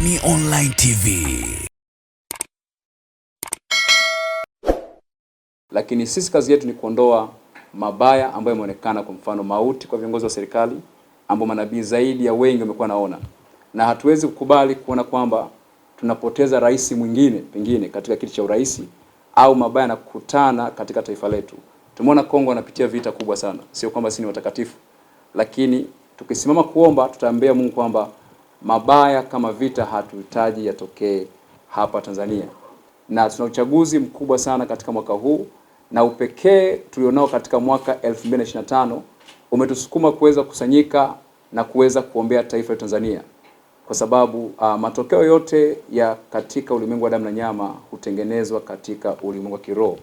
Boni Online TV. Lakini sisi kazi yetu ni kuondoa mabaya ambayo yameonekana, kwa mfano mauti kwa viongozi wa serikali ambao manabii zaidi ya wengi wamekuwa naona, na hatuwezi kukubali kuona kwamba tunapoteza rais mwingine pengine katika kiti cha urais au mabaya yanakutana katika taifa letu. Tumeona Kongo anapitia vita kubwa sana, sio kwamba sisi ni watakatifu, lakini tukisimama kuomba tutaambia Mungu kwamba mabaya kama vita hatuhitaji yatokee hapa Tanzania, na tuna uchaguzi mkubwa sana katika mwaka huu, na upekee tulionao katika mwaka 2025 umetusukuma kuweza kusanyika na kuweza kuombea taifa la Tanzania kwa sababu uh, matokeo yote ya katika ulimwengu wa damu na nyama hutengenezwa katika ulimwengu wa kiroho.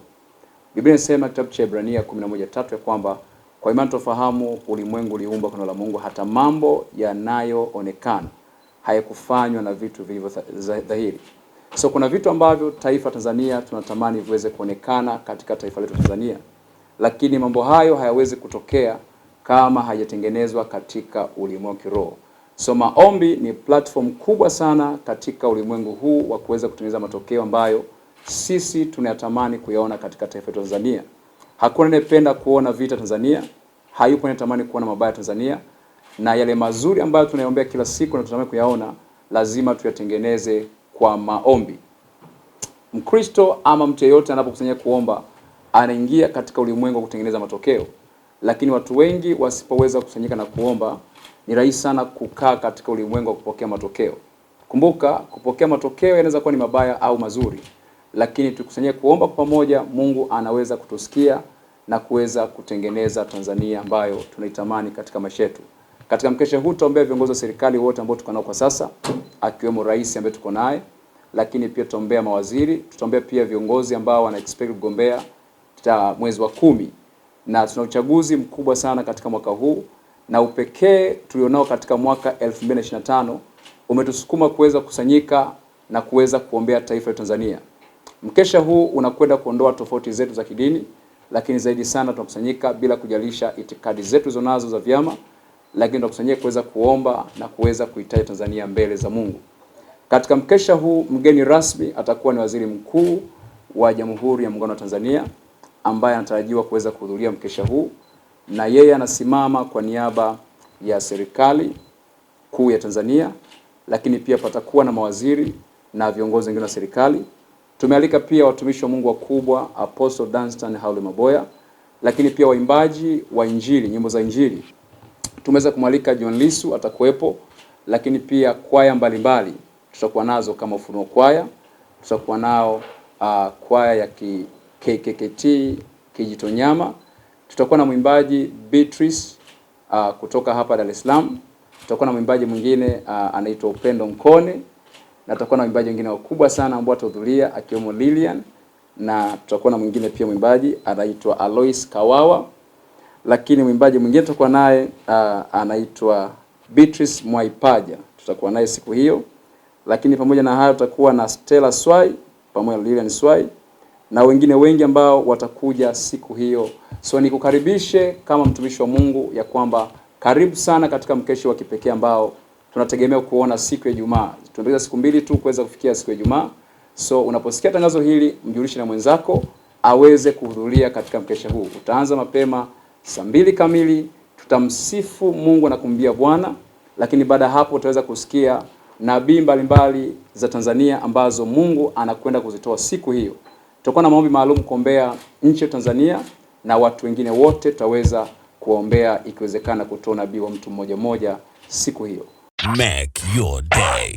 Biblia inasema kitabu cha Ibrania 11:3 ya kwamba kwa imani tufahamu ulimwengu uliumbwa kwa neno la Mungu, hata mambo yanayoonekana haikufanywa na vitu vilivyo dhahiri. So kuna vitu ambavyo taifa Tanzania tunatamani viweze kuonekana katika taifa letu Tanzania, lakini mambo hayo hayawezi kutokea kama hajatengenezwa katika ulimwengu kiroho. So maombi ni platform kubwa sana katika ulimwengu huu wa kuweza kutengeneza matokeo ambayo sisi tunayatamani kuyaona katika taifa letu Tanzania. Hakuna anayependa kuona vita Tanzania, hayupo anayetamani kuona mabaya Tanzania na yale mazuri ambayo tunayaombea kila siku na tunatamani kuyaona, lazima tuyatengeneze kwa maombi. Mkristo ama mtu yeyote anapokusanyia kuomba, anaingia katika ulimwengu wa kutengeneza matokeo, lakini watu wengi wasipoweza kusanyika na kuomba, ni rahisi sana kukaa katika ulimwengu wa kupokea matokeo. Kumbuka, kupokea matokeo yanaweza kuwa ni mabaya au mazuri, lakini tukusanyie kuomba kwa pamoja, Mungu anaweza kutusikia na kuweza kutengeneza Tanzania ambayo tunaitamani katika maisha yetu. Katika mkesha huu tutaombea viongozi wa serikali wote ambao tuko nao kwa sasa, akiwemo rais ambaye tuko naye, lakini pia tuombea mawaziri, tutaombea pia viongozi ambao wana expect kugombea ta mwezi wa kumi, na tuna uchaguzi mkubwa sana katika mwaka huu, na upekee tulionao katika mwaka 2025 umetusukuma kuweza kusanyika na kuweza kuombea taifa la Tanzania. Mkesha huu unakwenda kuondoa tofauti zetu za kidini, lakini zaidi sana tunakusanyika bila kujalisha itikadi zetu zonazo za vyama lakini tunakusanyia kuweza kuomba na kuweza kuitaja Tanzania mbele za Mungu. Katika mkesha huu mgeni rasmi atakuwa ni Waziri Mkuu wa Jamhuri ya Muungano wa Tanzania ambaye anatarajiwa kuweza kuhudhuria mkesha huu, na yeye anasimama kwa niaba ya serikali kuu ya Tanzania, lakini pia patakuwa na mawaziri na viongozi wengine wa serikali. Tumealika pia watumishi wa Mungu wakubwa Apostle Dunstan Haule Maboya, lakini pia waimbaji wa Injili, nyimbo za Injili tumeweza kumwalika John Lisu atakuwepo, lakini pia kwaya mbalimbali tutakuwa nazo kama Ufunuo kwaya, tutakuwa nao uh, kwaya ya ki KKKT Kijitonyama, tutakuwa na mwimbaji Beatrice uh, kutoka hapa Dar es Salaam, tutakuwa na mwimbaji mwingine uh, anaitwa Upendo Mkone na tutakuwa na mwimbaji wengine wakubwa sana ambao atahudhuria akiwemo Lilian na tutakuwa na mwingine pia mwimbaji anaitwa Alois Kawawa lakini mwimbaji mwingine tutakuwa naye anaitwa Beatrice Mwaipaja, tutakuwa naye siku hiyo. Lakini pamoja na hayo tutakuwa na Stella Swai pamoja na Lilian Swai na wengine wengi ambao watakuja siku hiyo. So nikukaribishe kama mtumishi wa Mungu ya kwamba karibu sana katika mkesho wa kipekee ambao tunategemea kuona siku ya Ijumaa. Tunabakiza siku mbili tu kuweza kufikia siku ya Ijumaa. So unaposikia tangazo hili, mjulishe na mwenzako aweze kuhudhuria katika mkesha huu. Utaanza mapema saa mbili kamili tutamsifu Mungu na kumbia Bwana, lakini baada ya hapo utaweza kusikia nabii mbalimbali za Tanzania ambazo Mungu anakwenda kuzitoa siku hiyo. Tutakuwa na maombi maalum kuombea nchi ya Tanzania na watu wengine wote tutaweza kuwaombea, ikiwezekana kutoa nabii wa mtu mmoja mmoja siku hiyo. Make your day.